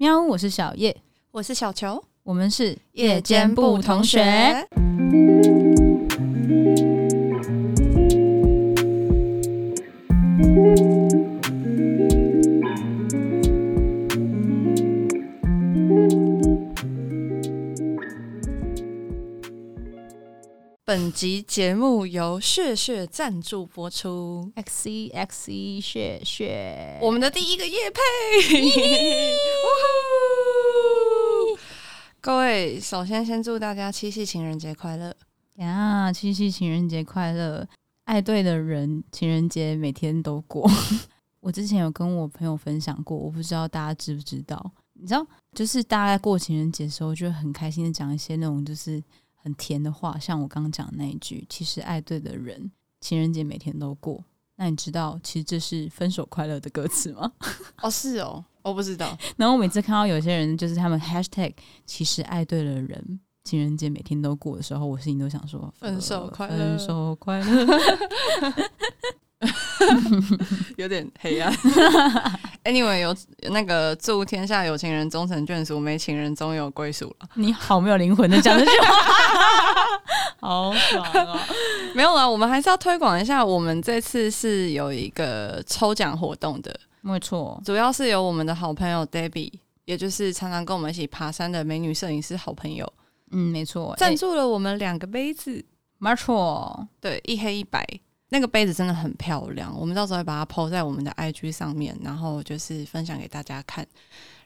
喵，我是小葉，我是小裘，我們是葉間部同學。本集節目由穴穴贊助播出。XeXe 穴穴，我們的第一個業配。哇哦！各位，首先先祝大家七夕情人節快樂呀！Yeah, 七夕情人節快樂，愛對的人，情人節每天都過。 我之前有跟我朋友分享過，我不知道大家知不知道？你知道，就是大家過情人節的時候，就會很開心的講一些那種，就是。很甜的話，像我剛剛講的那一句，其實愛對的人，情人節每天都過。那你知道，其實這是分手快樂的歌詞嗎？哦，是哦，我不知道。 然後我每次看到有些人就是他們 #hashtag 其實愛對了人，情人節每天都過的時候，我心裡都想說：分手快樂、呃，分手快樂。 有點黑暗、啊。 Anyway，有那個祝天下有情人終成眷屬，沒情人終有歸屬了。你好，沒有靈魂的講這句話， 好傻、啊。 沒有啦，我們還是要推廣一下。我們這次是有一個抽獎活動的，沒錯錯。主要是由我們的好朋友 Debbie，也就是常常跟我們一起爬山的美女攝影師好朋友。嗯，沒錯，贊、欸、助了我們兩個杯子，沒錯錯，對，一黑一白。那個杯子真的很漂亮，我們到時候會把它 PO 在我們的 IG 上面，然後就是分享給大家看。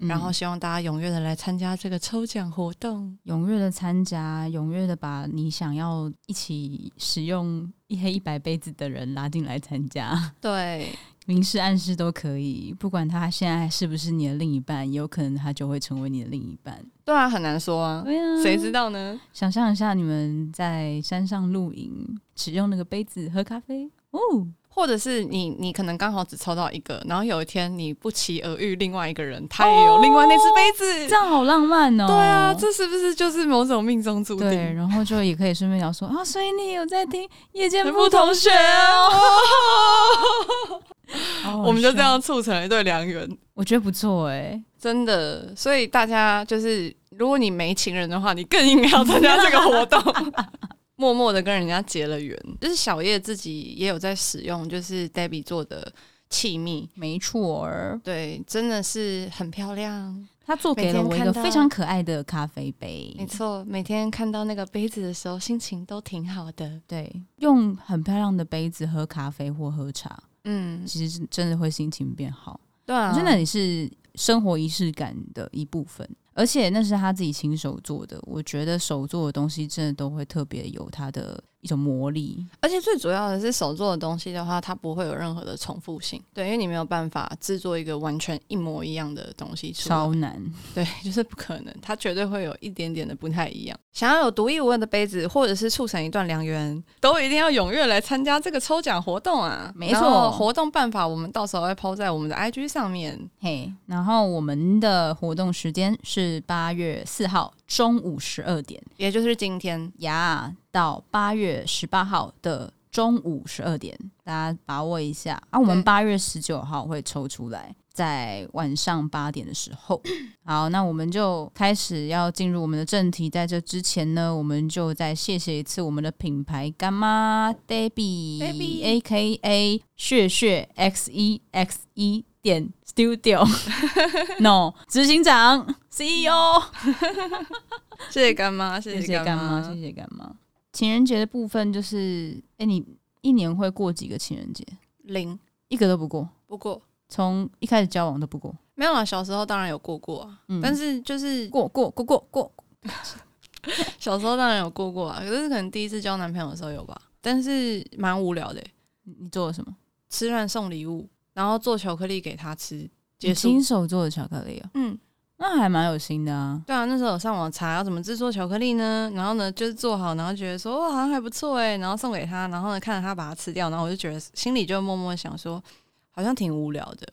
嗯，然後希望大家踴躍的來參加這個抽獎活動，踴躍的參加，踴躍的把你想要一起使用一黑一白杯子的人拉進來參加。對，明示暗示都可以，不管他現在是不是你的另一半，有可能他就會成為你的另一半。對啊，很難說啊。對啊，誰知道呢？想象一下，你們在山上露營，使用那個杯子喝咖啡，哦。或者是你，你可能剛好只抽到一個，然後有一天你不期而遇，另外一個人他也有另外那只杯子，哦，這樣好浪漫哦！對啊，這是不是就是某種命中注定？對，然後就也可以順便聊說啊、 哦，所以你有在聽葉間部同學。哦，我們就這樣促成了一對良緣，我覺得不錯哎，欸，真的。所以大家就是，如果你沒情人的話，你更應該要參加這個活動。 默默的跟人家結了緣，就是小葉自己也有在使用，就是 Debbie 做的器皿，沒錯兒，對，真的是很漂亮。他做給了我一個非常可愛的咖啡杯，沒錯，每天看到那個杯子的時候，心情都挺好的。對，用很漂亮的杯子喝咖啡或喝茶，嗯，其實真的會心情變好。對啊，真的也是生活儀式感的一部分。而且那是他自己親手做的，我覺得手做的東西真的都會特別有他的。一種魔力，而且最主要的是手做的東西的話，它不會有任何的重複性。對，因為你沒有辦法制作一個完全一模一樣的東西出來，超難。對，就是不可能，它絕對會有一點點的不太一樣。想要有獨一無二的杯子，或者是促成一段良緣，都一定要踴躍來參加這個抽獎活動啊！沒錯，活動辦法我們到時候會 PO 在我們的 IG 上面。嘿，hey, 然後我們的活動時間是八月四號。中午十二點，也就是今天呀，到八月十八號的中午十二點，大家把握一下啊。我們八月十九號會抽出來，在晚上八點的時候。好，那我們就開始要進入我們的正題。在這之前呢，我們就再謝謝一次我們的品牌乾媽 Debbie，AKA 穴穴 XeXe。點 studio の執 行長 CEO， 謝謝乾媽，謝謝乾媽，謝謝乾媽。情人節的部分就是，哎、欸，你一年會過幾個情人節？零，一個都不過，不過，從一開始交往都不過。沒有啦，小時候當然有過過啊，嗯、但是就是過過過過過， 小時候當然有過過啊，可是可能第一次交男朋友的時候有吧，但是蠻無聊的、欸。你做了什麼？吃飯，送禮物。然後做巧克力給他吃，也新手做的巧克力哦、喔。嗯，那還蠻有心的啊。對啊，那時候有上網查要怎麼制作巧克力呢？然後呢，就是做好，然後覺得說哇，好像還不錯哎、欸。然後送給他，然後呢，看着他把它吃掉，然後我就覺得心裡就默默想說，好像挺無聊的。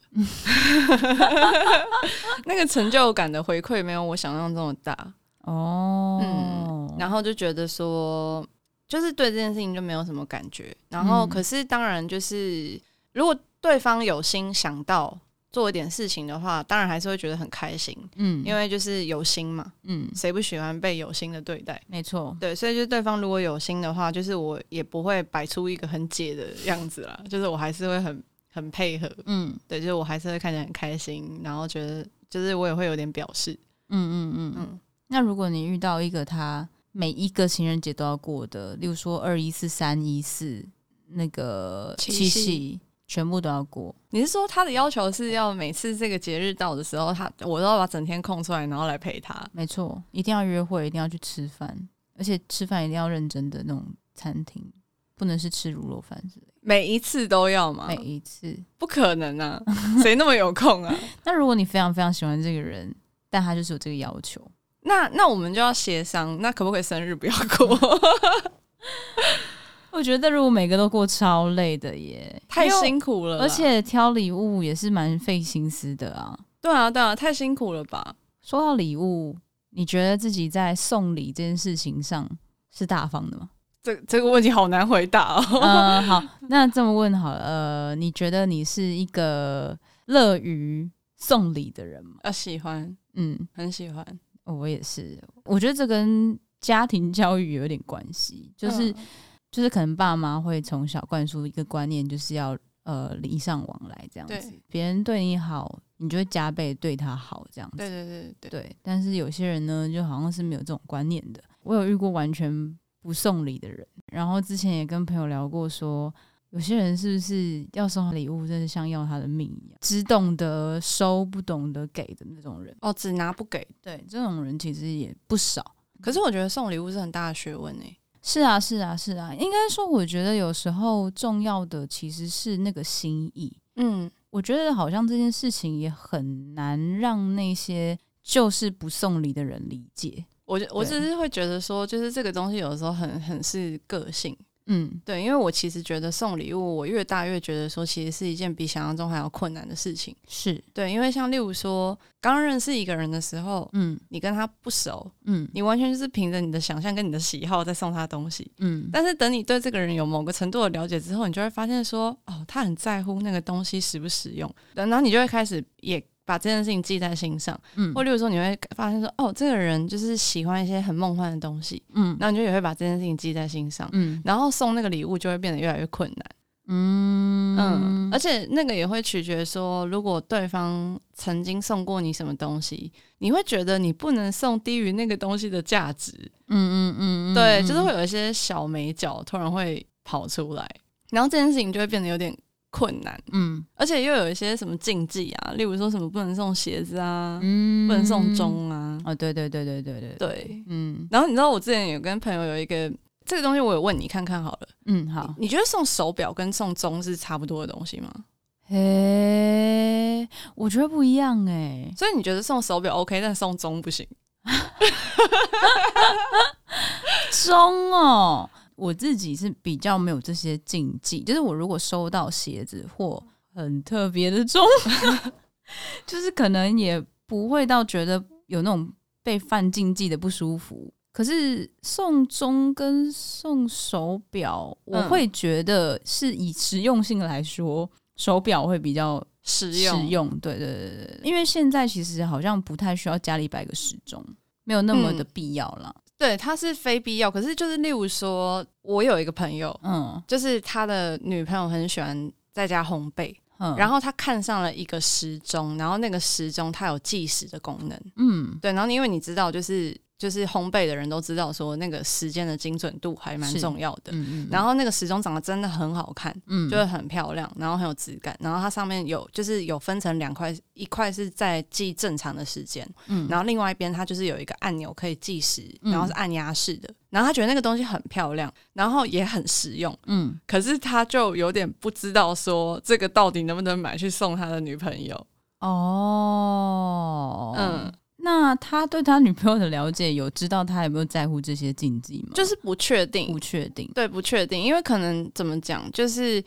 那個成就感的回饋沒有我想象這麼大哦。嗯，然後就覺得說，就是對這件事情就沒有什麼感覺。然後，可是當然就是。嗯如果對方有心想到做一點事情的話，當然還是會覺得很開心。嗯，因為就是有心嘛。嗯，誰不喜歡被有心的對待？沒錯錯。對，所以就是對方如果有心的話，就是我也不會擺出一個很解的樣子啦。 就是我還是會很很配合。嗯，對，就是我還是會看起來很開心，然後覺得就是我也會有點表示。嗯嗯嗯嗯。嗯，那如果你遇到一個他每一個情人節都要過的，例如說二一四三一四那個七夕。七夕全部都要過。你是說他的要求是要每次這個節日到的時候，他我都要把整天空出來，然後來陪他？沒錯，一定要約會，一定要去吃飯，而且吃飯一定要認真的那種餐廳，不能是吃滷肉飯之類。是每一次都要嗎？每一次不可能啊，誰那麼有空啊？ 那如果你非常非常喜歡這個人，但他就是有這個要求，那那我們就要協商，那可不可以生日不要過？ 我覺得如果每個都過超累的耶，太辛苦了。而且挑禮物也是蠻費心思的啊。對啊，對啊，太辛苦了吧？說到禮物，你覺得自己在送禮這件事情上是大方的嗎？這這個問題好難回答哦。嗯，好，那這麼問好了，呃，你覺得你是一個樂於送禮的人嗎？啊，喜歡，嗯，很喜歡。我也是，我覺得這跟家庭教育有點關係，就是。嗯就是可能爸媽會從小灌輸一個觀念，就是要呃禮尚往來這樣子，對別人對你好，你就會加倍對他好這樣子。對，對對對對。對，但是有些人呢，就好像是沒有這種觀念的。我有遇過完全不送禮的人，然後之前也跟朋友聊過說，說有些人是不是要送禮物，真是像要他的命一樣，只懂得收，不懂得給的那種人。哦，只拿不給，對，這種人其實也不少。嗯、可是我覺得送禮物是很大的學問呢、欸。是啊，是啊，是啊。應該說，我覺得有時候重要的其實是那個心意。嗯，我覺得好像這件事情也很難讓那些就是不送禮的人理解。我，我只是會覺得說，對就是這個東西，有時候很，很是個性。嗯，對，因為我其實覺得送禮物，我越大越覺得說，其實是一件比想象中還要困難的事情。是對，因為像例如說，剛認識一個人的時候，嗯，你跟他不熟，嗯，你完全就是憑着你的想象跟你的喜好在送他東西，嗯，但是等你對這個人有某個程度的了解之後，你就會發現說，哦，他很在乎那個東西實不實用，對，然後你就會開始也。把這件事情記在心上，嗯，或例如說你會發現說，哦，這個人就是喜歡一些很夢幻的東西，嗯，然後你就也會把這件事情記在心上，嗯，然後送那個禮物就會變得越來越困難，嗯嗯，而且那個也會取決說，如果對方曾經送過你什麼東西，你會覺得你不能送低於那個東西的價值，嗯嗯，嗯嗯嗯，對，就是會有一些小美角突然會跑出來，然後這件事情就會變得有點困難，嗯，而且又有一些什麼禁忌啊，例如說什麼不能送鞋子啊，嗯、不能送鐘啊、嗯，哦，對對對對對對對，嗯，然後你知道我之前有跟朋友有一個這個東西，我有問你看看好了，嗯，好你，你覺得送手表跟送鐘是差不多的東西嗎？誒，我覺得不一樣誒、欸，所以你覺得送手表 OK，但送鐘不行？鐘 哦。我自己是比較沒有這些禁忌，就是我如果收到鞋子或很特別的鐘， 就是可能也不會到覺得有那種被犯禁忌的不舒服。可是送鐘跟送手錶，嗯、我會覺得是以實用性來說，手錶會比較實用。實用。對對對對，因為現在其實好像不太需要家裡擺個時鐘，沒有那麼的必要了。嗯對，他是非必要，可是就是例如說，我有一個朋友，嗯，就是他的女朋友很喜歡在家烘焙，嗯，然後他看上了一個時鐘，然後那個時鐘它有計時的功能，嗯，對，然後因為你知道，就是。就是烘焙的人都知道，說那個時間的精準度還蠻重要的。嗯嗯嗯。然後那個時鐘長得真的很好看，嗯，就是很漂亮，然後很有質感。然後它上面有，就是有分成兩塊，一塊是在計正常的時間，嗯，然後另外一邊它就是有一個按鈕可以計時，然後是按壓式的。嗯，然後他覺得那個東西很漂亮，然後也很實用，嗯。可是他就有點不知道說這個到底能不能買去送他的女朋友。哦，嗯。那他對他女朋友的了解有知道他有沒有在乎這些禁忌嗎？就是不確定，不確定，對，不確定，因為可能怎麼講，就是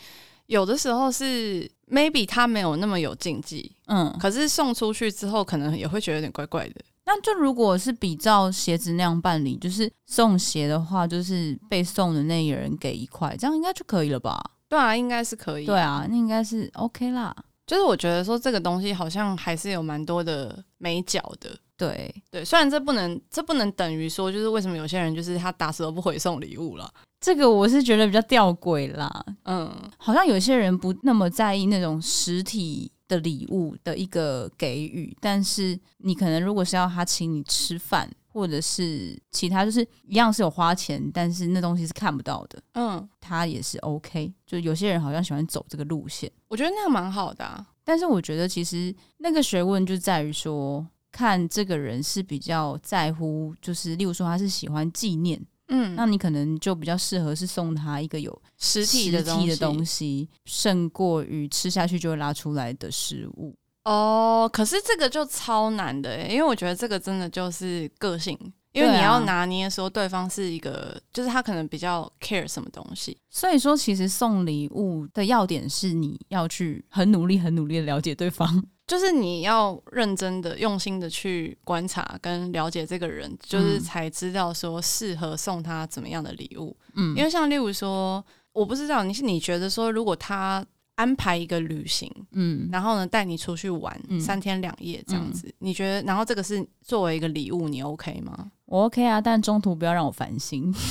有的時候是 maybe 他沒有那麼有禁忌，嗯，可是送出去之後，可能也會覺得有點怪怪的。那就如果是比照鞋子那樣辦理，就是送鞋的話，就是被送的那個人給一塊，這樣應該就可以了吧？對啊，應該是可以啊，對啊，那應該是 OK 啦。就是我覺得說這個東西好像還是有蠻多的美角的，對對。雖然這不能這不能等於說就是為什麼有些人就是他打死都不回送禮物啦，這個我是覺得比較吊詭啦。嗯，好像有些人不那麼在意那種實體的禮物的一個給予，但是你可能如果是要他請你吃飯或者是其他，就是一樣是有花錢，但是那東西是看不到的。嗯，他也是 OK，就有些人好像喜歡走這個路線。我覺得那樣蠻好的啊，但是我覺得其實那個學問就在於說，看這個人是比較在乎，就是例如說他是喜歡紀念，嗯，那你可能就比較適合是送他一個有實體的東西，東西，勝過於吃下去就會拉出來的食物。哦，可是這個就超難的，因為我覺得這個真的就是個性。因為你要拿捏說對方是一個，啊、就是他可能比較 care 什麼東西，所以說其實送禮物的要點是你要去很努力、很努力的了解對方，就是你要認真的、用心的去觀察跟了解這個人，嗯、就是才知道說適合送他怎麼樣的禮物。嗯，因為像例如說，我不知道你是你覺得說，如果他。安排一個旅行，嗯，然後呢，帶你出去玩，嗯、三天兩夜這樣子，嗯，你覺得？然後這個是作為一個禮物，你 OK 嗎？我 OK 啊，但中途不要讓我煩心。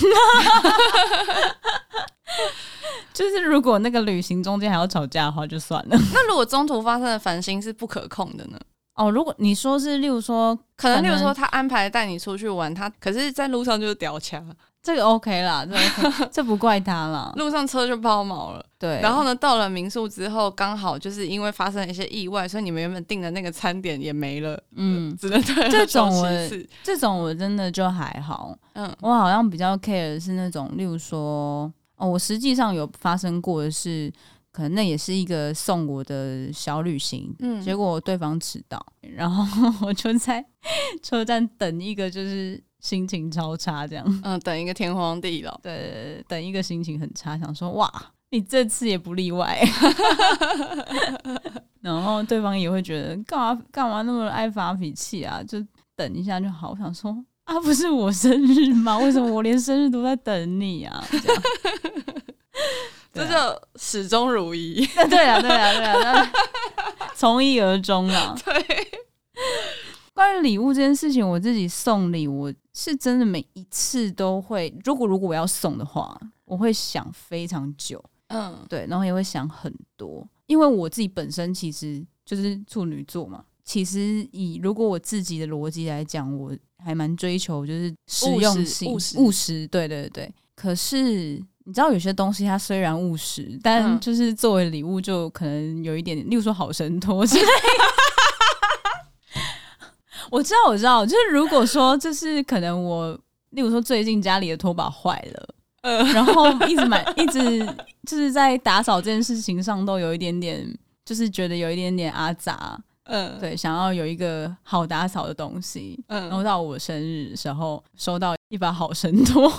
就是如果那個旅行中間還要吵架的話，就算了。 那如果中途發生的煩心是不可控的呢？哦，如果你說是，例如說可，可能例如說，他安排帶你出去玩，他可是在路上就掉漆。這個 OK 啦，這個、o、OK，這不怪他啦。 路上車就拋錨了，對。然後呢，到了民宿之後，剛好就是因為發生了一些意外，所以你們原本訂的那個餐點也沒了。嗯，只能對這種我，這種我真的就還好。嗯，我好像比較 care 的是那種，例如說，哦，我實際上有發生過的是，可能那也是一個送我的小旅行，嗯，結果對方遲到，然後我就在車站等一個就是。心情超差，這樣嗯，等一個天荒地老，對，等一個心情很差，想說哇，你這次也不例外， 然後對方也會覺得幹嘛幹嘛那麼愛發脾氣啊，就等一下就好。我想說啊，不是我生日嗎？為什麼我連生日都在等你啊？這樣這就叫始終如一。對啊， 對，對，對，對，對啊，對啊，從一而終啊。對。關於禮物這件事情，我自己送禮，我是真的每一次都會。如果如果我要送的話，我會想非常久，嗯，對，然後也會想很多。因為我自己本身其實就是處女座嘛，其實以如果我自己的邏輯來講，我還蠻追求就是實用性、務實。務實務實對，對對對，可是你知道有些東西它雖然務實，但就是作為禮物就可能有一點，點，例如說好神拖之類的。 我知道，我知道，就是如果說就是可能我，我例如說最近家裡的拖把壞了，嗯，然後一直買，一直就是在打掃這件事情上都有一點點，就是覺得有一點點阿雜，嗯，對，想要有一個好打掃的東西，嗯，然後到我生日的時候收到一把好神拖，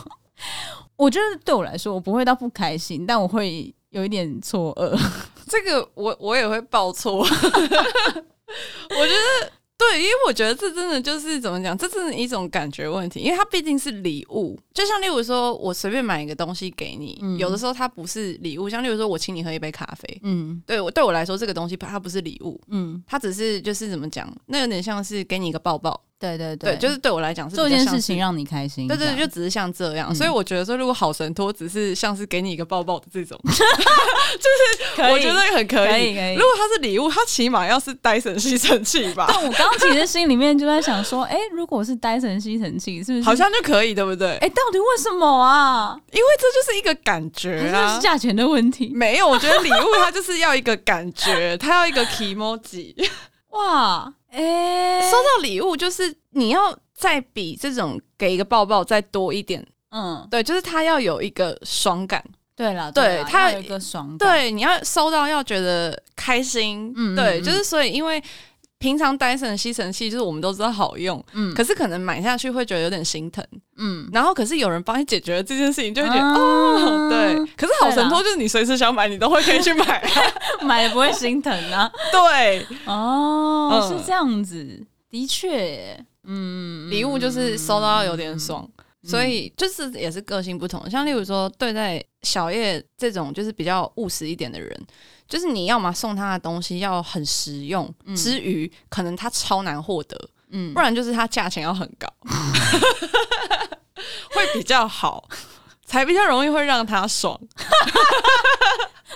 我覺得對我來說我不會到不開心，但我會有一點錯愕，這個我我也會報錯， 我覺得。對，因為我覺得這真的就是怎麼講，這真的是一種感覺問題，因為它畢竟是禮物。就像例如說，我隨便買一個東西給你，嗯、有的時候它不是禮物。像例如說，我請你喝一杯咖啡，嗯，對我對我來說，這個東西它不是禮物，嗯，它只是就是怎麼講，那有點像是給你一個抱抱。對對對，就是對我來講是做一件事情讓你開心，對對，就只是像這樣，所以我覺得說，如果好神托只是像是給你一個抱抱的這種，就是我覺得很可以，如果他是禮物，他起碼要是戴森吸塵器吧。但我剛剛其實心裡面就在想說，哎，如果我是戴森吸塵器，是不是好像就可以，對不對？哎，到底為什麼啊？因為這就是一個感覺就是價錢的問題沒有？我覺得禮物它就是要一個感覺，它要一個 kimoji。哇，哎、欸，收到禮物就是你要再比這種給一個抱抱再多一點，嗯，對，就是他要有一個爽感，對了，對啦，他對它要有一個爽感，對，你要收到要覺得開心，嗯哼，對，就是所以因為。平常戴森吸塵器就是我們都知道好用，嗯，可是可能買下去會覺得有點心疼，嗯，然後可是有人幫你解決了這件事情，就會覺得哦，對，可是好神偷。就是你隨時想買，你都會可以去買，買也不會心疼啊，對，哦，是這樣子，的確，嗯，禮物就是收到有點爽，所以就是也是個性不同，像例如說對待小葉這種就是比較務實一點的人。就是，你要嘛送他的東西要很實用，嗯、之餘可能他超難獲得，嗯，不然就是他價錢要很高，嗯、 會比較好， 才比較容易會讓他爽，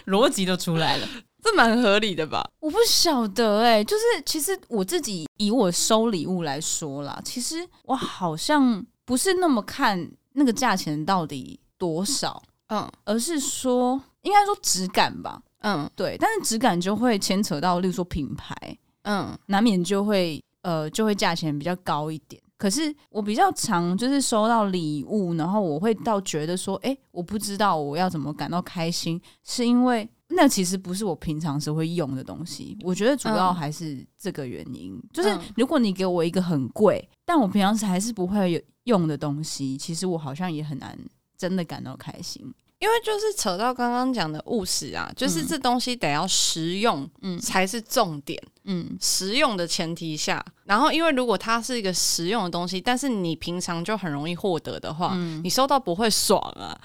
邏 輯 都出來了，這蠻合理的吧？我不曉得哎、欸，就是其實我自己以我收禮物來說啦，其實我好像不是那麼看那個價錢到底多少，嗯，而是說應該說質感吧。嗯，對，但是質感就會牽扯到，例如說品牌，嗯，難免就會呃，就會價錢比較高一點。可是我比較常就是收到禮物，然後我會到覺得說，哎、欸，我不知道我要怎麼感到開心，是因為那其實不是我平常時會用的東西。我覺得主要還是這個原因，嗯、就是如果你給我一個很貴，但我平常時還是不會有用的東西，其實我好像也很難真的感到開心。因為就是扯到剛剛講的務實啊，就是這東西得要實用，才是重點，嗯，嗯實用的前提下，然後因為如果它是一個實用的東西，但是你平常就很容易獲得的話，嗯，你收到不會爽啊，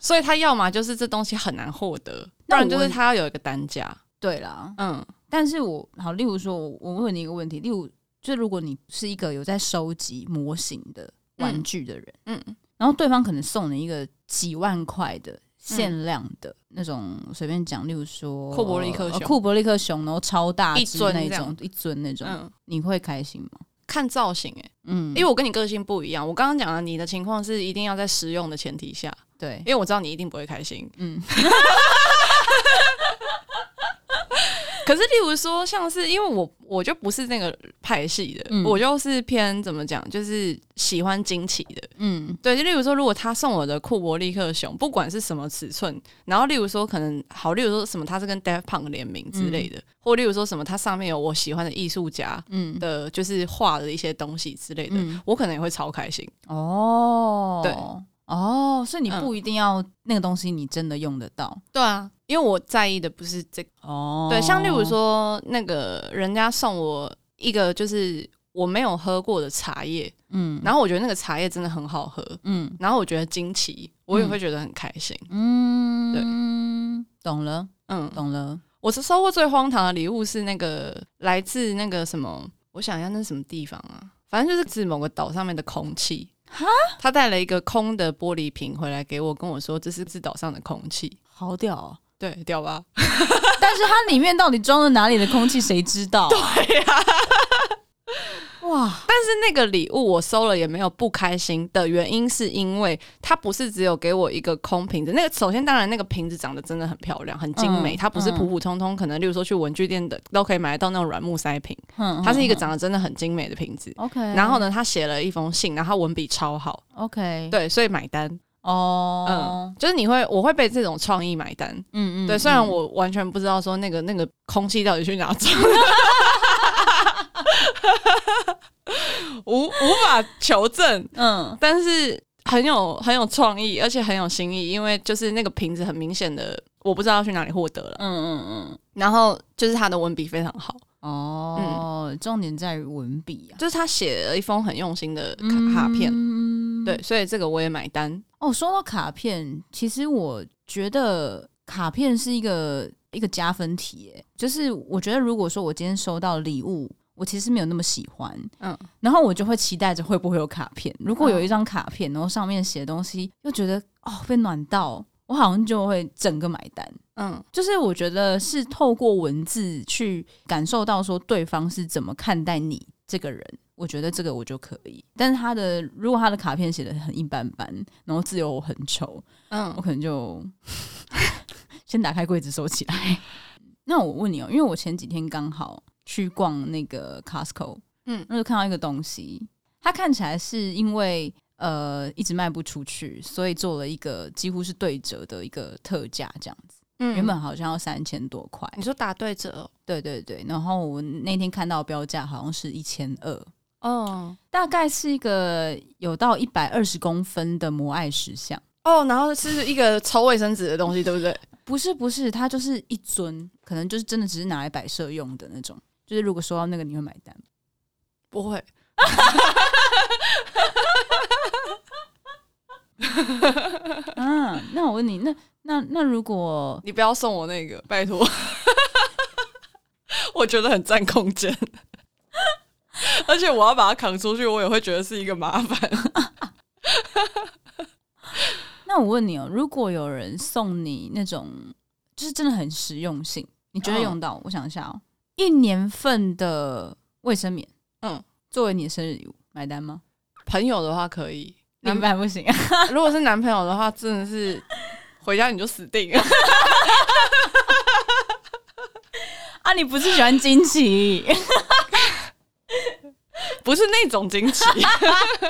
所以它要麼就是這東西很難獲得，我不然就是它要有一個單價，對啦，嗯，但是我好，例如說，我我問你一個問題，例如就如果你是一個有在收集模型的玩具的人，嗯。嗯然後對方可能送你一個幾萬塊的限量的、嗯、那種，隨便講，例如說庫伯利克熊，庫伯利克熊、哦、庫伯利克熊，然後超大隻那種，一尊這樣，一尊那種，你會開心嗎？看造型、欸，哎，嗯，因為我跟你個性不一樣，我剛剛講了，你的情況是一定要在實用的前提下，對，因為我知道你一定不會開心，嗯。 可是，例如說，像是因為我我就不是那個派系的，嗯、我就是偏怎麼講，就是喜歡驚奇的，嗯，對。就例如說，如果他送我的庫柏力克熊，不管是什麼尺寸，然後例如說可能好，例如說什麼他是跟 Daft Punk 聯名之類的，嗯、或例如說什麼它上面有我喜歡的藝術家的，嗯，的就是畫的一些東西之類的，嗯、我可能也會超開心哦。對，哦，所以你不一定要那個東西，你真的用得到，嗯、對啊。因為我在意的不是這個，哦，對，像例如說那個人家送我一個就是我沒有喝過的茶葉，嗯，然後我覺得那個茶葉真的很好喝，嗯，然後我覺得驚奇，我也會覺得很開心，嗯，對，懂了，嗯，懂了。我是收過最荒唐的禮物是那個來自那個什麼，我想一下，那是什麼地方啊？反正就是自某個島上面的空氣，哈，他帶了一個空的玻璃瓶回來給我，跟我說這是自島上的空氣，好屌哦。對，掉吧， 但是它裡面到底裝了哪裡的空氣，誰知道、啊？ 對呀、啊， 哇！但是那個禮物我收了也沒有不開心的原因，是因為他不是只有給我一個空瓶子。那個首先，當然那個瓶子長得真的很漂亮，很精美。嗯嗯、它不是普普通通，可能例如說去文具店的都可以買得到那種軟木塞瓶。嗯嗯、它是一個長得真的很精美的瓶子。OK，、嗯嗯嗯、然後呢，他寫了一封信，然後它文筆超好。OK，、嗯、對，所以買單。哦，oh. 嗯，就是你會，我會被這種創意買單，嗯嗯,嗯嗯，對，雖然我完全不知道說那個那個空氣到底去哪去了， 無無法求證，嗯，但是很有很有創意，而且很有新意，因為就是那個瓶子很明顯的，我不知道去哪裡獲得了，嗯嗯嗯，然後就是它的文筆非常好。哦，嗯、重點在文筆啊，就是他寫了一封很用心的卡片，嗯、對，所以這個我也買單。哦，說到卡片，其實我覺得卡片是一個一個加分題耶，就是我覺得如果說我今天收到禮物，我其實沒有那麼喜歡，嗯，然後我就會期待着會不會有卡片，如果有一張卡片，然後上面寫的東西，嗯、又覺得哦，被暖到。我好像就會整個買單，嗯，就是我覺得是透過文字去感受到說對方是怎麼看待你這個人，我覺得這個我就可以。但是他的如果他的卡片寫得很一般般，然後字又很醜，嗯，我可能就 先打開櫃子收起來。那我問你哦、喔，因為我前幾天剛好去逛那個 Costco，嗯，那就看到一個東西，它看起來是因為。呃，一直賣不出去，所以做了一個幾乎是對折的一個特價，這樣子。嗯，原本好像要三千多塊。你說打對折？對對對。然後我那天看到的標價好像是一千二。哦，大概是一個有到一百二十公分的摩艾石像。哦，然後是一個抽衛生紙的東西，嗯、對不對？不是不是，它就是一尊，可能就是真的只是拿來擺設用的那種。就是如果說到那個，你會買單嗎？不會。 嗯、 啊，那我問你，那那那，那如果你不要送我那個，拜托， 我覺得很占空間， 而且我要把它扛出去，我也會覺得是一個麻煩、 啊。那我問你哦，如果有人送你那種，就是真的很實用性，你覺得用到？哦、我想一下哦，一年份的衛生棉，嗯，作為你的生日禮物買單嗎？朋友的話可以。你男版不行、啊，如果是男朋友的話，真的是回家你就死定了。 啊，你不是喜歡驚喜， 不是那種驚喜。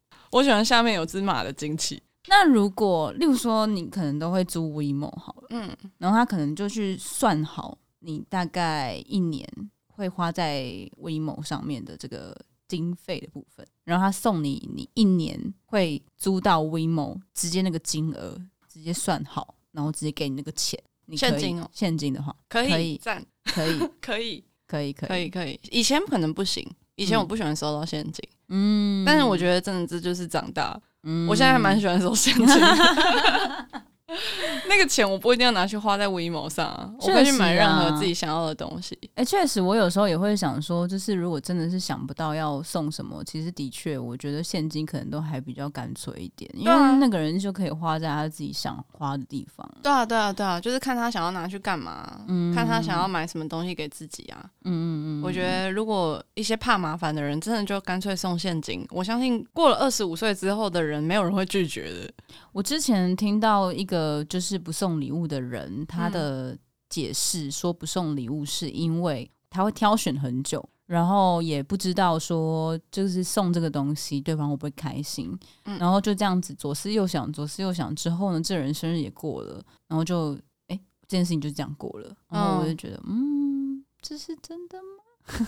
我喜歡下面有芝麻的驚喜。那如果，例如說，你可能都會租 WeMo 好了，嗯，然後他可能就去算好你大概一年會花在 WeMo 上面的這個。經費的部分，然後他送你，你一年會租到 WeMo 直接，那個金額直接算好，然後直接給你那個錢，你可以現金哦，現金的話可以讚，可以可以可以可以可以，以前可能不行，以前我不喜歡收到現金，嗯，但是我覺得真的這就是長大，嗯、我現在還蠻喜歡收現金的。 那個錢我不一定要拿去花在 WeMo 上，啊，啊，我可以去買任何自己想要的東西。哎，欸，確實，我有時候也會想說，就是如果真的是想不到要送什麼，其實的確，我覺得現金可能都還比較乾脆一點，因為那個人就可以花在他自己想花的地方，啊。對啊，對啊，對啊，就是看他想要拿去幹嘛，嗯、哼看他想要買什麼東西給自己啊。嗯嗯哼嗯，我覺得如果一些怕麻煩的人，真的就乾脆送現金。我相信過了二十五歲之後的人，沒有人會拒絕的。我之前聽到一個。呃，就是不送禮物的人，他的解釋說，不送禮物是因為他會挑選很久，然後也不知道說就是送這個東西對方會不會開心，嗯、然後就這樣子左思右想，左思右想之後呢，這人生日也過了，然後就哎這、欸、件事情就這樣過了，然後我就覺得嗯，嗯，這是真的嗎？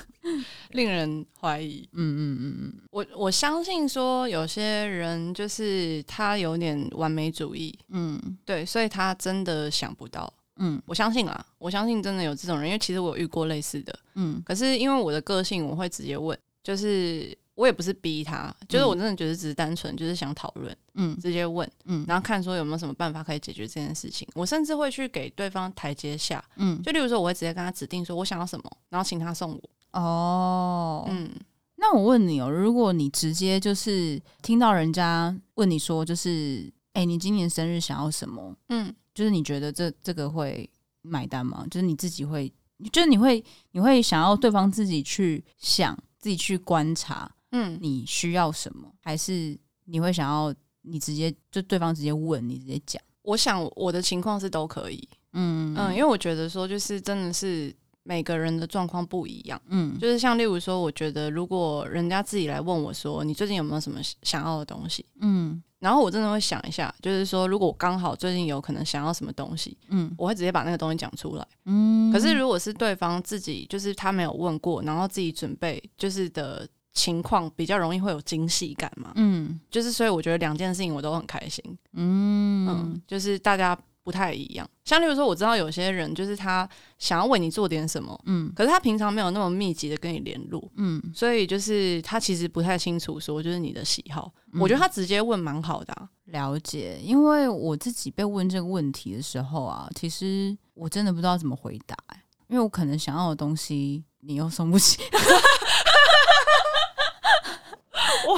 令人懷疑，嗯嗯嗯嗯，我我相信說有些人就是他有點完美主義，嗯，對，所以他真的想不到，嗯，我相信啊，我相信真的有這種人，因為其實我有遇過類似的，嗯，可是因為我的個性，我會直接問，就是。我也不是逼他，就是我真的覺得只是單純、嗯、就是想討論，嗯，直接問，嗯，然後看說有沒有什麼辦法可以解決這件事情。我甚至會去給對方台階下，嗯，就例如說，我會直接跟他指定說我想要什麼，然後請他送我。哦，嗯，那我問你哦，如果你直接就是聽到人家問你說，就是哎、欸，你今年生日想要什麼？嗯，就是你覺得這這個會買單嗎？就是你自己會，就是你會你會想要對方自己去想，自己去觀察。嗯，你需要什麼？還是你會想要你直接就對方直接問你直接講？我想我的情況是都可以。嗯嗯，因為我覺得說就是真的是每個人的狀況不一樣。嗯，就是像例如說，我覺得如果人家自己來問我說你最近有沒有什麼想，想要的東西，嗯，然後我真的會想一下，就是說如果我剛好最近有可能想要什麼東西，嗯，我會直接把那個東西講出來。嗯，可是如果是對方自己，就是他沒有問過，然後自己準備，就是的。情況比較容易會有驚喜感嘛？嗯，就是所以我覺得兩件事情我都很開心。嗯，嗯，就是大家不太一樣，像例如說，我知道有些人就是他想要為你做點什麼，嗯，可是他平常沒有那麼密集的跟你聯絡，嗯，所以就是他其實不太清楚說，就是你的喜好。嗯、我覺得他直接問蠻好的、啊，了解。因為我自己被問這個問題的時候啊，其實我真的不知道怎麼回答、欸，因為我可能想要的東西你又送不起。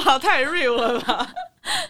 哇，太 real 了吧！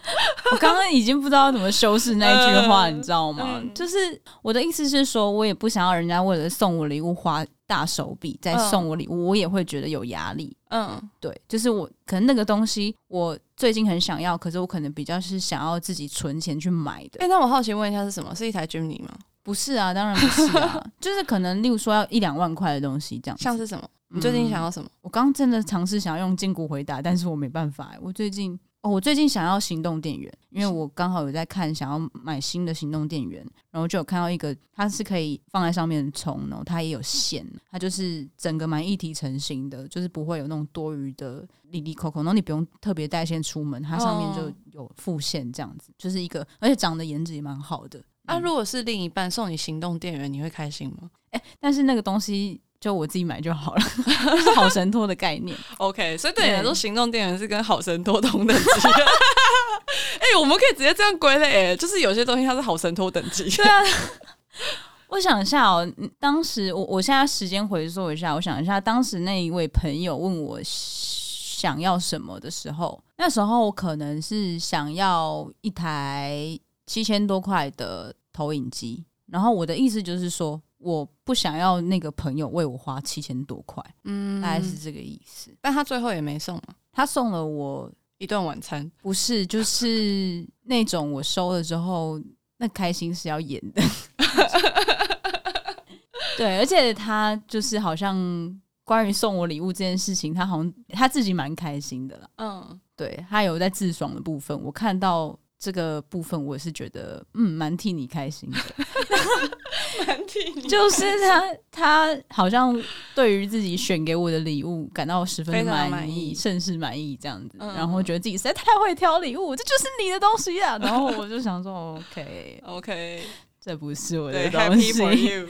我剛剛已經不知道要怎麼修飾那句話，嗯、你知道嗎？就是我的意思是說，我也不想要人家為了送我禮物花大手筆在送我禮物，我也會覺得有壓力。嗯，對，就是我可能那個東西我最近很想要，可是我可能比較是想要自己存錢去買的。哎、欸，那我好奇問一下，是什麼？是一台 j o u n y 嗎？不是啊，當然不是啊， 就是可能，例如說要一兩萬塊的東西這樣，像是什麼？你最近想要什麼？嗯、我剛真的嘗試想要用筋骨回答，但是我沒辦法。我最近哦，我最近想要行動電源，因為我剛好有在看，想要買新的行動電源，然後就有看到一個，它是可以放在上面充，然後它也有線，它就是整個蠻一體成型的，就是不會有那種多餘的哩哩扣扣，然後你不用特別帶線出門，它上面就有附線這樣子，哦、就是一個，而且長得顏值也蠻好的。那、嗯啊、如果是另一半送你行動電源，你會開心嗎？欸、但是那個東西。就我自己買就好了， 是好神托的概念。OK，所以對你來說，行動電源是跟好神托同等級。哎、 欸，我們可以直接這樣歸類、欸，就是有些東西它是好神托等級。 對啊，我想一下哦、喔，當時我我現在時間回溯一下，我想一下，當時那一位朋友問我想要什麼的時候，那時候我可能是想要一台七千多塊的投影機，然後我的意思就是說。我不想要那個朋友為我花七千多塊，嗯，大概是這個意思。但他最後也沒送，他送了我一頓晚餐，不是，就是那種我收了之後，那開心是要演的。 對，而且他就是好像關於送我禮物這件事情，他好像他自己蠻開心的啦。嗯，對他有在自爽的部分，我看到。這個部分我也是覺得，嗯，蠻替你開心的。蠻 替，就是他，他好像對於自己選給我的禮物感到十分滿意，非常的滿意甚是滿意這樣子。嗯、然後覺得自己實在太會挑禮物，這就是你的東西啊。嗯、然後我就想說，OK，OK，、okay, Okay, 這不是我的東西。Happy,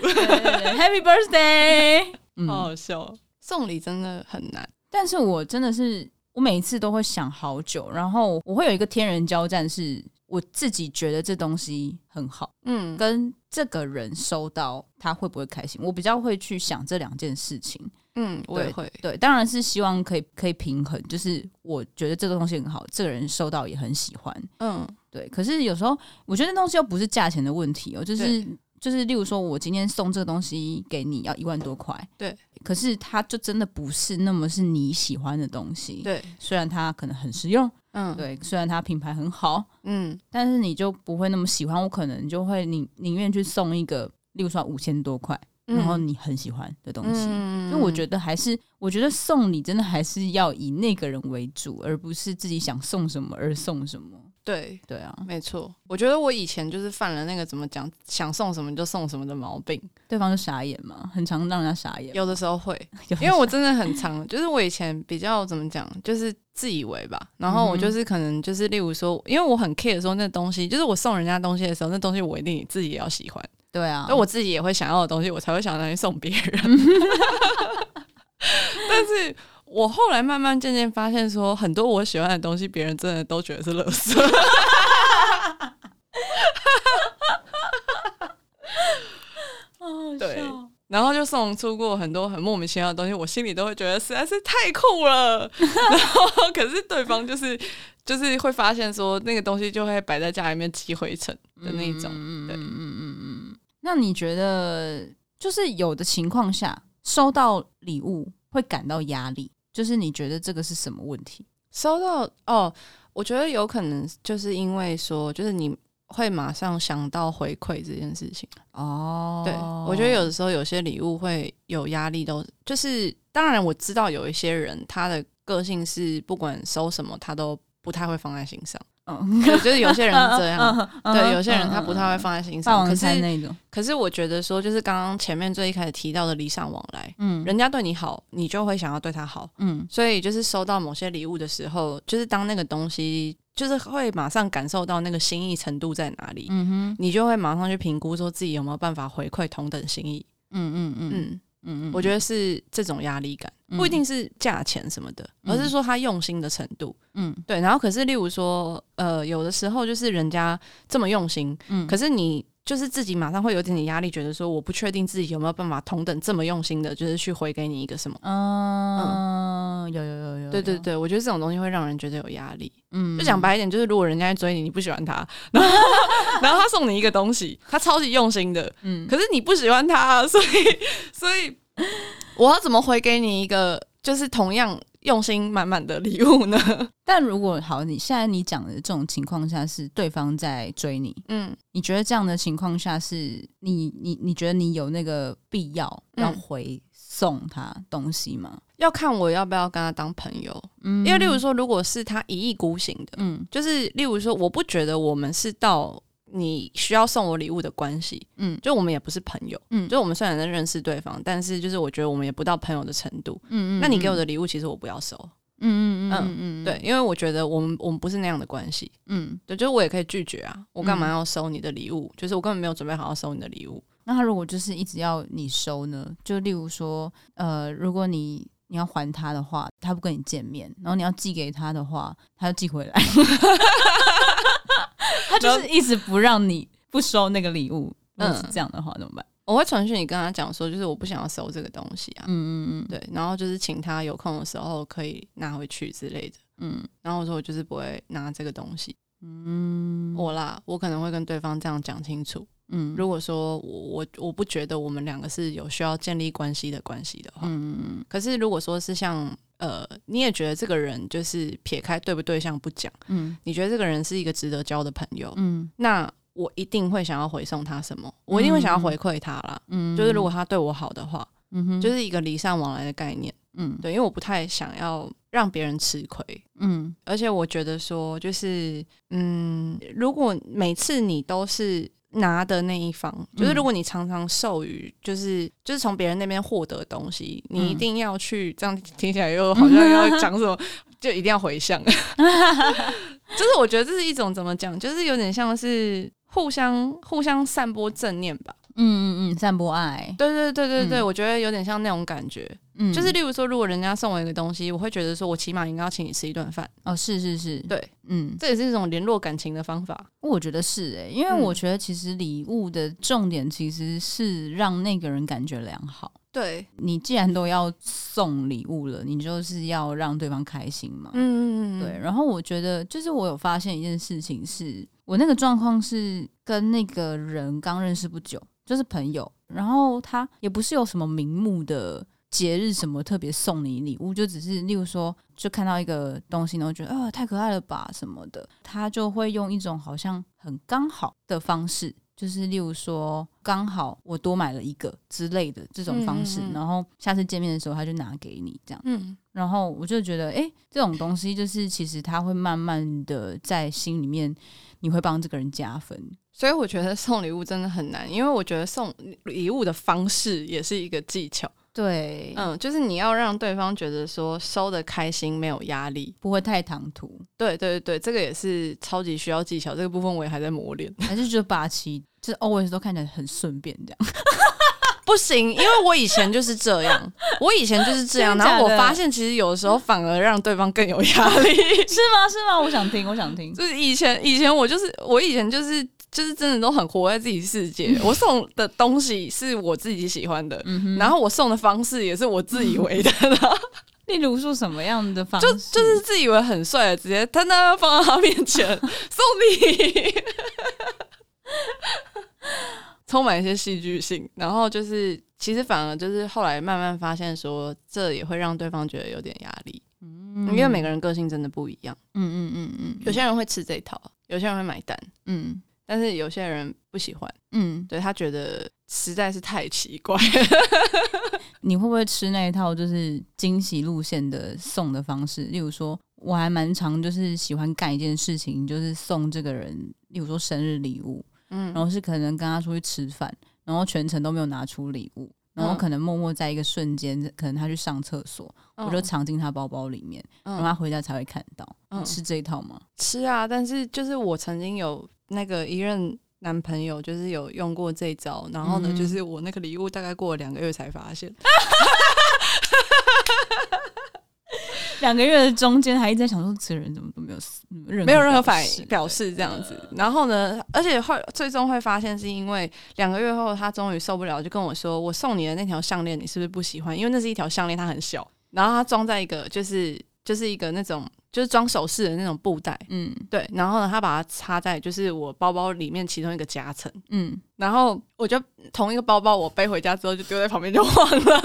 happy birthday！好好笑，嗯、送禮真的很難。但是我真的是。我每一次都會想好久，然後我會有一個天人交戰是，是我自己覺得這東西很好，嗯，跟這個人收到他會不會開心，我比較會去想這兩件事情，嗯，對我也會對，對，當然是希望可以可以平衡，就是我覺得這個東西很好，這個人收到也很喜歡，嗯，對。可是有時候我覺得那東西又不是價錢的問題哦，就是。就是例如說，我今天送這個東西給你要一萬多塊，對，可是它就真的不是那麼是你喜歡的東西，對，雖然它可能很實用，嗯，對，雖然它品牌很好，嗯，但是你就不會那麼喜歡。我可能你就會寧寧願去送一個，例如說五千多塊，嗯、然後你很喜歡的東西。所以、嗯、我覺得還是，我覺得送禮真的還是要以那個人為主，而不是自己想送什麼而送什麼。對對啊，沒錯。我覺得我以前就是犯了那個怎麼講，想送什麼就送什麼的毛病，對方就傻眼嘛，很常讓人家傻眼。有的時候會，因為我真的很常， 就是我以前比較怎麼講，就是自以為吧。然後我就是可能就是例如說，因為我很 care 說那東西，就是我送人家東西的時候，那東西我一定自己也要喜歡。對啊，那我自己也會想要的東西，我才會想到去送別人。 但是。我後來慢慢漸漸發現說，說很多我喜歡的東西，別人真的都覺得是垃圾。哈哈哈哈哈！哈哈哈哈哈！對，然後就送出過很多很莫名其妙的東西，我心裡都會覺得實在是太酷了。 然後可是對方就是就是會發現說那個東西就會擺在家裡面積灰塵的那種。嗯嗯嗯嗯嗯。對那你覺得就是有的情況下收到禮物會感到壓力？就是你覺得這個是什麼問題？收到哦，我覺得有可能就是因為說，就是你會馬上想到回饋這件事情哦。對，我覺得有的時候有些禮物會有壓力都，都就是當然我知道有一些人他的個性是不管收什麼他都不太會放在心上。嗯、 哦，就是有些人是這樣，啊啊啊、對，有些人他不太會放在心上。啊啊啊啊、可是，那種，可是我覺得說，就是剛剛前面最一開始提到的禮尚往來，嗯，人家對你好，你就會想要對他好，嗯，所以就是收到某些禮物的時候，就是當那個東西，就是會馬上感受到那個心意程度在哪裡，嗯哼，你就會馬上去評估說自己有沒有辦法回饋同等心意，嗯嗯嗯嗯嗯，我覺得是這種壓力感。不一定是價錢什麼的，嗯、而是說他用心的程度。嗯，對。然後可是，例如說，呃，有的時候就是人家這麼用心，嗯，可是你就是自己馬上會有點點壓力，覺得說我不確定自己有沒有辦法同等這麼用心的，就是去回給你一個什麼？哦、嗯，有有有有，有。對，對對對，我覺得這種東西會讓人覺得有壓力。嗯，就講白一點，就是如果人家追你，你不喜歡他，然後 然後他送你一個東西，他超級用心的，嗯，可是你不喜歡他，所以所以。我要怎麼回給你一個就是同樣用心滿滿的禮物呢？但如果好，你現在你講的這種情況下是對方在追你，嗯，你覺得這樣的情況下是你你你覺得你有那個必要要回送他東西嗎？嗯，要看我要不要跟他當朋友，嗯，因為例如說，如果是他一意孤行的，嗯，就是例如說，我不覺得我們是到你需要送我禮物的關係，嗯，就我們也不是朋友，嗯，就我們雖然在認識對方，嗯、但是就是我覺得我們也不到朋友的程度，嗯，那你給我的禮物其實我不要收，嗯嗯嗯，對，因為我覺得我們我們不是那樣的關係，嗯，對，就是我也可以拒絕啊，我幹嘛要收你的禮物？嗯、就是我根本沒有準備好要收你的禮物。那他如果就是一直要你收呢？就例如說，呃，如果你你要還他的話，他不跟你見面，然後你要寄給他的話，他就寄回來。 他就是一直不讓你不收那個禮物，嗯，這樣的話怎麼辦？嗯，我會傳訊你跟他講說，就是我不想要收這個東西啊，嗯嗯嗯，對。然後就是請他有空的時候可以拿回去之類的，嗯。然後我說我就是不會拿這個東西，嗯，我啦，我可能會跟對方這樣講清楚，嗯。如果說我我，我不覺得我們兩個是有需要建立關係的關係的話，嗯嗯。可是如果說是像。呃，你也覺得這個人就是撇開對不對象不講，嗯，你覺得這個人是一個值得交的朋友，嗯，那我一定會想要回送他什麼，嗯，我一定會想要回饋他啦，嗯，就是如果他對我好的話，嗯哼就是一個禮尚往來的概念，嗯，對，因為我不太想要讓別人吃虧，嗯，而且我覺得說就是，嗯，如果每次你都是。拿的那一方，就是如果你常常授予，就是、嗯、就是從別人那邊獲得東西，你一定要去。嗯、這樣聽起來又好像要講什麼， 就一定要回向。 就是我覺得這是一種怎麼講，就是有點像是互相互相散播正念吧。嗯嗯嗯，散播愛，對對對對對，嗯、我覺得有點像那種感覺，嗯，就是例如說，如果人家送我一個東西，我會覺得說我起碼應該要請你吃一頓飯，哦，是是是，對，嗯，這也是一種聯絡感情的方法，我覺得是哎、欸，因為我覺得其實禮物的重點其實是讓那個人感覺良好，嗯、對，你既然都要送禮物了，你就是要讓對方開心嘛，嗯，嗯嗯，對，然後我覺得就是我有發現一件事情是，是我那個狀況是跟那個人剛認識不久。就是朋友，然後他也不是有什麼名目的節日什麼特別送你禮物，就只是例如說，就看到一個東西，然後覺得啊、哦、太可愛了吧什麼的，他就會用一種好像很剛好的方式，就是例如說剛好我多買了一個之類的這種方式，嗯嗯嗯，然後下次見面的時候他就拿給你這樣，嗯、然後我就覺得誒這種東西就是其實他會慢慢的在心裡面，你會幫這個人加分。所以我覺得送禮物真的很難，因為我覺得送禮物的方式也是一個技巧。對，嗯，就是你要讓對方覺得說收的開心，沒有壓力，不會太唐突。對，對，對，這個也是超級需要技巧。這個部分我也還在磨練。還是覺得霸氣，就是 always 都看起來很順便這樣。 不行，因為我以前就是這樣，我以前就是這樣，是然後我發現其實有的時候反而讓對方更有壓力，是嗎？是嗎？我想聽，我想聽。就是以前，以前我就是，我以前就是。就是真的都很活在自己世界。嗯、我送的東西是我自己喜歡的，嗯、哼然後我送的方式也是我自以為的，的、嗯。例如說什麼樣的方式，就，就是自以為很帥，的，直接噔噔放到他面前 送你， 充滿一些戲劇性。然後就是，其實反而就是後來慢慢發現說，說這也會讓對方覺得有點壓力。嗯、因為每個人個性真的不一樣。嗯嗯嗯嗯，嗯嗯嗯有些人會吃這一套，有些人會買單。嗯。但是有些人不喜歡，嗯，對，他覺得實在是太奇怪了。 你會不會吃那一套，就是驚喜路線的送的方式？例如說，我還蠻常就是喜歡幹一件事情，就是送這個人，例如說生日禮物，嗯，然後是可能跟他出去吃飯，然後全程都沒有拿出禮物，然後可能默默在一個瞬間，可能他去上廁所，嗯、我就藏進他包包裡面，然後他回家才會看到。嗯、吃這一套嗎？吃啊，但是就是我曾經有。那個一任男朋友就是有用過這招，然後呢，嗯、就是我那個禮物大概過了兩個月才發現，兩 個月的中間還一直在想說，這個人怎麼都沒有沒有任何反應表示這樣子，對然後呢，而且會最終會發現是因為兩、嗯、個月後他終於受不了，就跟我說，我送你的那條項鏈你是不是不喜歡？因為那是一條項鏈，它很小，然後它裝在一個就是就是一個那種。就是裝首飾的那種布袋，嗯，對，然後呢，他把它插在就是我包包裡面其中一個夾層，嗯，然後我就同一個包包，我背回家之後就丟在旁邊就忘了，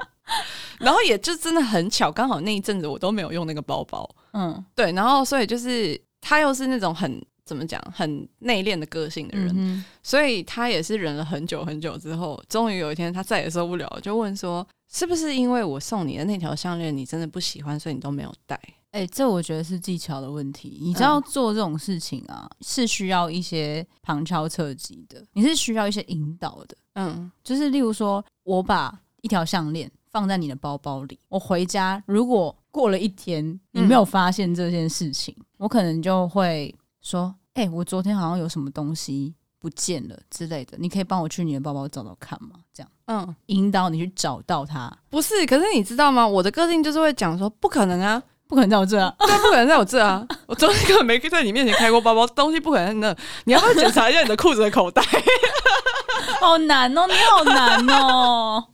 然後也就真的很巧，剛好那一陣子我都沒有用那個包包，嗯，對，然後所以就是它又是那種很。怎麼講？很內斂的個性的人，嗯、哼所以他也是忍了很久很久之後，終於有一天，他再也受不了，就問說：“是不是因為我送你的那條項鏈，你真的不喜歡，所以你都沒有戴？”哎、欸，這我覺得是技巧的問題。你知道做這種事情啊，是需要一些旁敲側擊的，你是需要一些引導的。嗯，就是例如說，我把一條項鏈放在你的包包裡，我回家如果過了一天，你沒有發現這件事情，嗯、我可能就會說。哎、欸，我昨天好像有什麼東西不見了之類的，你可以幫我去你的包包找找看嗎？這樣，嗯，引導你去找到它。不是，可是你知道嗎？我的個性就是會講說，不可能啊，不可能在我這啊，對，不可能在我這啊， 我昨天根本沒在你面前開過包包，東西不可能在那，你要不要檢查一下你的褲子的口袋？ 好難哦，你好難哦，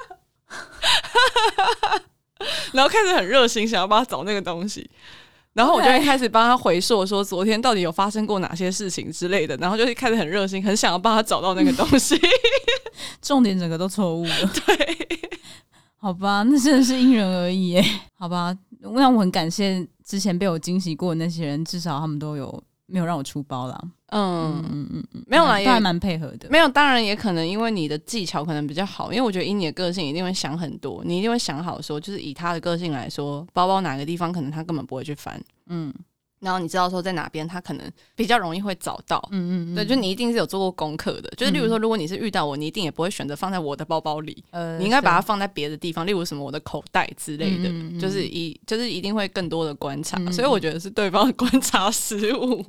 然後開始很熱心，想要幫他找那個東西。然後我就一開始幫他回溯，說昨天到底有發生過哪些事情之類的，然後就是開始很熱心，很想要幫他找到那個東西。 重點整個都錯誤了，對，好吧，那真的是因人而異，欸，好吧，那我很感謝之前被我驚喜過的那些人，至少他們都有。沒有讓我出包啦，嗯嗯嗯嗯，沒有啦，也還蠻配合的。沒有，當然也可能因為你的技巧可能比較好，因為我覺得以你的個性一定會想很多，你一定會想好說，就是以他的個性來說，包包哪個地方可能他根本不會去翻，嗯。然後你知道說在哪邊，他可能比較容易會找到。嗯，嗯嗯，對，就你一定是有做過功課的。就是例如說，如果你是遇到我，你一定也不會選擇放在我的包包裡。呃，你應該把它放在別的地方，對例如什麼我的口袋之類的。嗯嗯嗯，就是一就是一定會更多的觀察，嗯嗯，所以我覺得是對方的觀察失誤。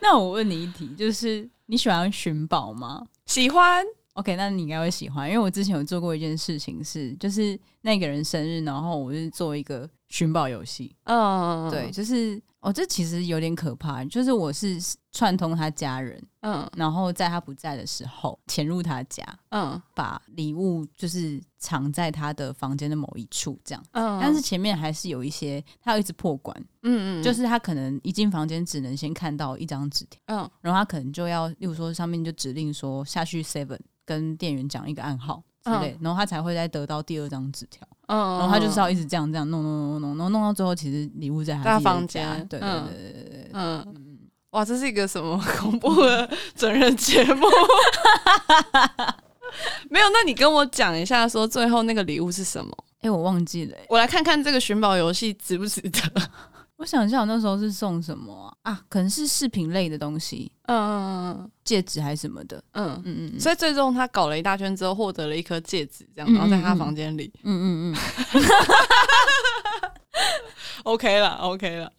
那我問你一題，就是你喜歡尋寶嗎？喜歡。OK，那你應該會喜歡，因為我之前有做過一件事情是，是就是那個人生日，然後我就做一個尋寶遊戲，嗯，oh. 對，就是哦，這其實有點可怕，就是我是。串通他家人，嗯，然後在他不在的時候潛入他家，嗯，把禮物就是藏在他的房間的某一處，這樣。嗯，但是前面還是有一些他要一直破關，嗯嗯，就是他可能一進房間只能先看到一張紙條，嗯，然後他可能就要，例如說上面就指令說下去 seven，跟店員講一個暗號之類，然後他才會再得到第二張紙條，嗯，然後他就是要一直這樣這樣弄弄弄弄弄弄到最後，其實禮物在他房間，對對對對對，哇，這是一個什麼恐怖的整人節目？ 沒有，那你跟我講一下，說最後那個禮物是什麼？哎、欸，我忘記了。我來看看這個尋寶遊戲值不值得？我想一下，我那時候是送什麼啊？啊，可能是飾品類的東西，嗯嗯嗯，戒指還是什麼的，嗯嗯嗯。所以最終他搞了一大圈之後，獲得了一顆戒指，這樣，然後在他房間裡，嗯嗯嗯。 OK 了，OK 了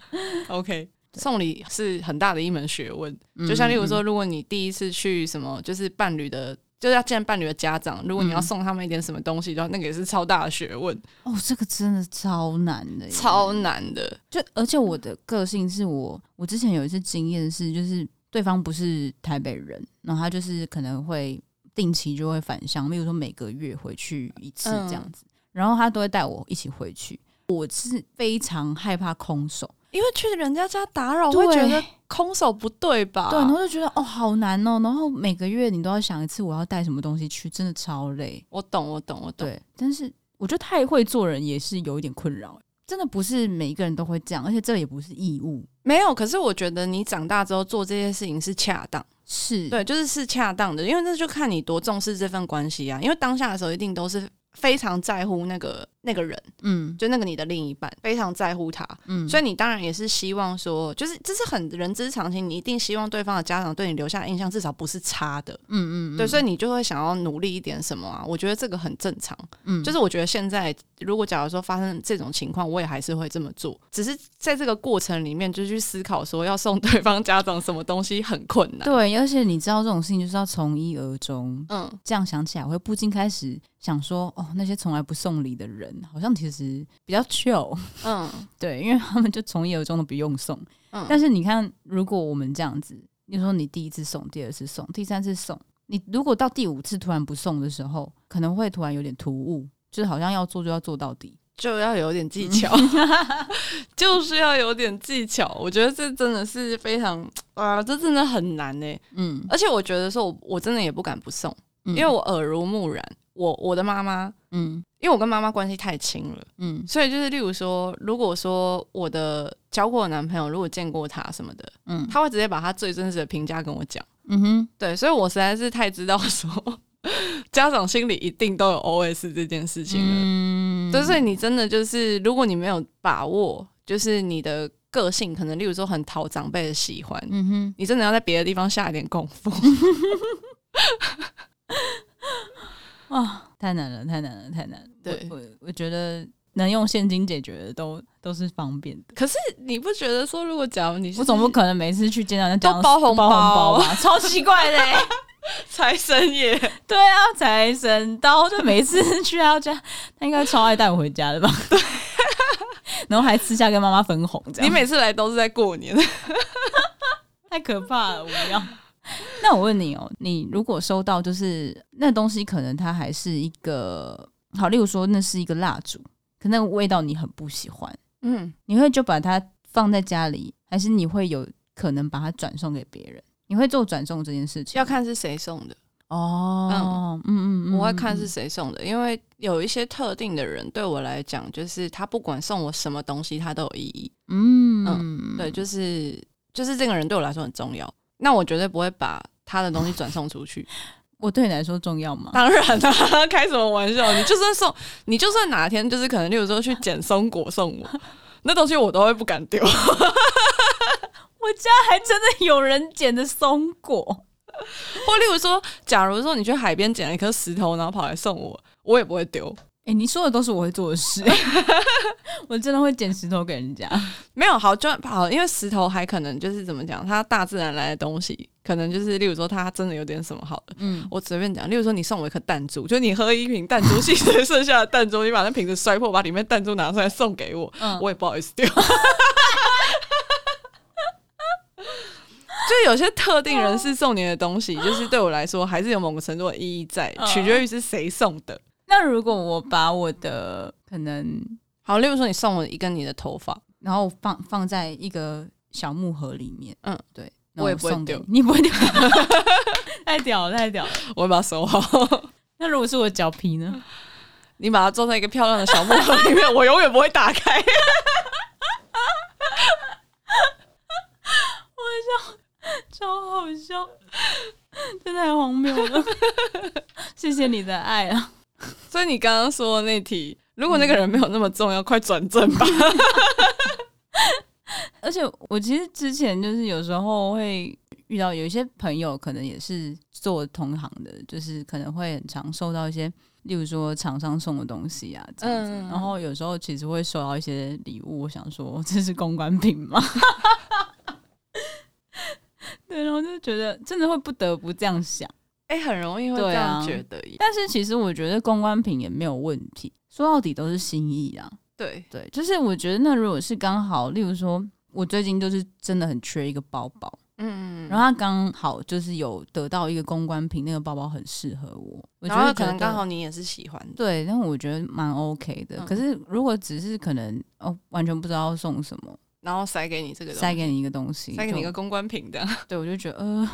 ，OK。送禮是很大的一門學問，就像例如說，如果你第一次去什麼，就是伴侶的，就是要見伴侶的家長，如果你要送他們一點什麼東西，然後那個也是超大的學問。哦，這個真的超難的，超難的。就而且我的個性是我，我之前有一次經驗是，就是對方不是台北人，然後他就是可能會定期就會返鄉，例如說每個月回去一次這樣子，嗯、然後他都會帶我一起回去。我是非常害怕空手。因為去人家家打擾會覺得空手不對吧？對，對，然後就覺得哦，好難哦，然後每個月你都要想一次，我要帶什麼東西去，真的超累。我懂，我懂，我懂。對，但是我覺得太會做人也是有一點困擾。真的不是每一個人都會這樣，而且這也不是義務。沒有，可是我覺得你長大之後做這些事情是恰當，是對，就是是恰當的，因為那就看你多重視這份關係啊。因為當下的時候一定都是。非常在乎那個那個人，嗯，就那個你的另一半，非常在乎他，嗯，所以你當然也是希望說，就是這是很人之常情，你一定希望對方的家長對你留下的印象至少不是差的，嗯，嗯嗯，對，所以你就會想要努力一點什麼啊？我覺得這個很正常，嗯，就是我覺得現在如果假如說發生這種情況，我也還是會這麼做，只是在這個過程裡面，就去思考說要送對方家長什麼東西很困難，對，而且你知道這種事情就是要從一而終，嗯，這樣想起來我會不禁開始。想說哦，那些從來不送禮的人，好像其實比較 chill，嗯， 對，因為他們就從一而終都不用送。嗯、但是你看，如果我們這樣子，你、就是、說你第一次送，第二次送，第三次送，你如果到第五次突然不送的時候，可能會突然有點突兀，就是、好像要做就要做到底，就要有點技巧，嗯、 就是要有點技巧。我覺得這真的是非常啊，這真的很難呢、欸。嗯，而且我覺得說我，我我真的也不敢不送，嗯、因為我耳濡目染。我我的媽媽，嗯，因為我跟媽媽關係太親了，嗯，所以就是例如說，如果說我的交過的男朋友，如果見過他什麼的，嗯，他會直接把他最真實的評價跟我講，嗯哼，對，所以我實在是太知道說，家長心裡一定都有 OS 這件事情了，嗯，對，所以你真的就是，如果你沒有把握，就是你的個性可能例如說很討長輩的喜歡，嗯哼，你真的要在別的地方下一點功夫。 啊、哦，太難了，太難了，太難了對我！我我我覺得能用現金解決的都都是方便的。可是你不覺得說，如果假如你，我總不可能每次去見到人家都包紅包，包紅包啊，超奇怪的、欸。財神爺，對啊，財神到就每次去他家，他應該超愛帶我回家的吧？對， 然後還私下跟媽媽分紅，這樣。你每次來都是在過年， 太可怕了，我要。那我問你哦，你如果收到就是那東西，可能它還是一個，好，例如說那是一個蠟燭，可那個味道你很不喜歡，嗯，你會就把它放在家裡，還是你會有可能把它轉送給別人？你會做轉送這件事情？要看是誰送的哦，嗯嗯嗯，嗯，我會看是誰送的，因為有一些特定的人對我來講，就是他不管送我什麼東西，他都有意義，嗯嗯，對，就是就是這個人對我來說很重要。那我絕對不會把他的東西轉送出去。 我對你來說重要嗎？當然啦、啊，開什麼玩笑？你就算送，你就算哪天就是可能，例如說去撿松果送我， 那東西我都會不敢丟。 我家還真的有人撿的松果， 或例如說，假如說你去海邊撿了一顆石頭，然後跑來送我，我也不會丟。哎、欸，你說的都是我會做的事， 我真的會撿石頭給人家。沒有好，就好，因為石頭還可能就是怎麼講，它大自然來的東西，可能就是例如說，它真的有點什麼好的。嗯，我隨便講，例如說，你送我一顆彈珠，就你喝一瓶彈珠，其實剩下的彈珠，你把那瓶子摔破，把裡面彈珠拿出來送給我，嗯、我也不好意思丟。 就有些特定人士送你的東西，嗯、就是對我來說，還是有某個程度的意義在，嗯、取決於是誰送的。那如果我把我的可能，好，例如說你送我一根你的頭髮，然後放放在一個小木盒裡面，嗯，對，我，送我也不會丟，你不會丟， 太屌了，太屌了，我會把它收好。那如果是我腳皮呢？ 你把它裝在一個漂亮的小木盒裡面， 我永遠不會打開。 我笑，超好笑，真的太荒謬了。 謝謝你的愛啊！所以你剛剛說的那題，如果那個人沒有那麼重要，嗯、快轉正吧。 而且我其實之前就是有時候會遇到有一些朋友，可能也是做同行的，就是可能會很常收到一些，例如說廠商送的東西啊，這樣子。嗯、然後有時候其實會收到一些禮物，我想說，這是公關品嗎？ 對，然後就覺得真的會不得不這樣想。哎、欸，很容易會這樣覺得、啊，但是其實我覺得公關品也沒有問題，說到底都是心意啊。對對，就是我覺得那如果是剛好，例如說我最近就是真的很缺一個包包，嗯，嗯，嗯，然後他剛好就是有得到一個公關品，那個包包很適合我，我覺得可能剛好你也是喜歡的，對，但我覺得蠻 OK 的。嗯、可是如果只是可能哦，完全不知道送什麼，然後塞給你這個，塞給你一個東西，塞給你一個公關品的，對，我就覺得呃，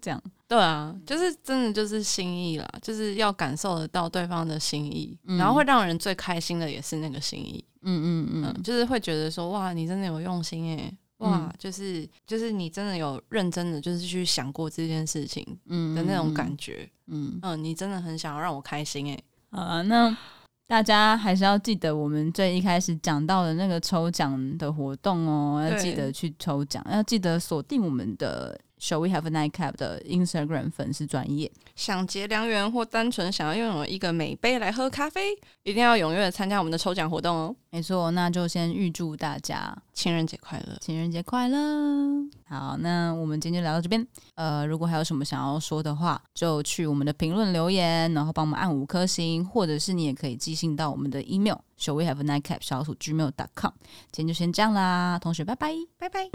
這樣。對啊，就是真的就是心意啦，就是要感受得到對方的心意，嗯、然後會讓人最開心的也是那個心意。嗯嗯嗯、呃，就是會覺得說哇，你真的有用心哎、欸，哇，嗯、就是就是你真的有認真的就是去想過這件事情，嗯的那種感覺，嗯嗯,嗯、呃，你真的很想要讓我開心哎、欸。啊、呃，那大家還是要記得我們最一開始講到的那個抽獎的活動哦、喔，對要記得去抽獎，要記得鎖定我們的。Shall we have a nightcap 的 Instagram 粉絲專頁，想結良緣或單純想要擁有一個美杯來喝咖啡，一定要踴躍參加我們的抽獎活動哦！沒錯，那就先預祝大家情人節快樂，情人節快樂！好，那我們今天就聊到這邊，呃，如果還有什麼想要說的話，就去我們的評論留言，然後幫我們按五顆星，或者是你也可以寄信到我們的 email，shall we have a nightcap 小老鼠 Gmail.com。今天就先這樣啦，同學，拜拜，拜拜。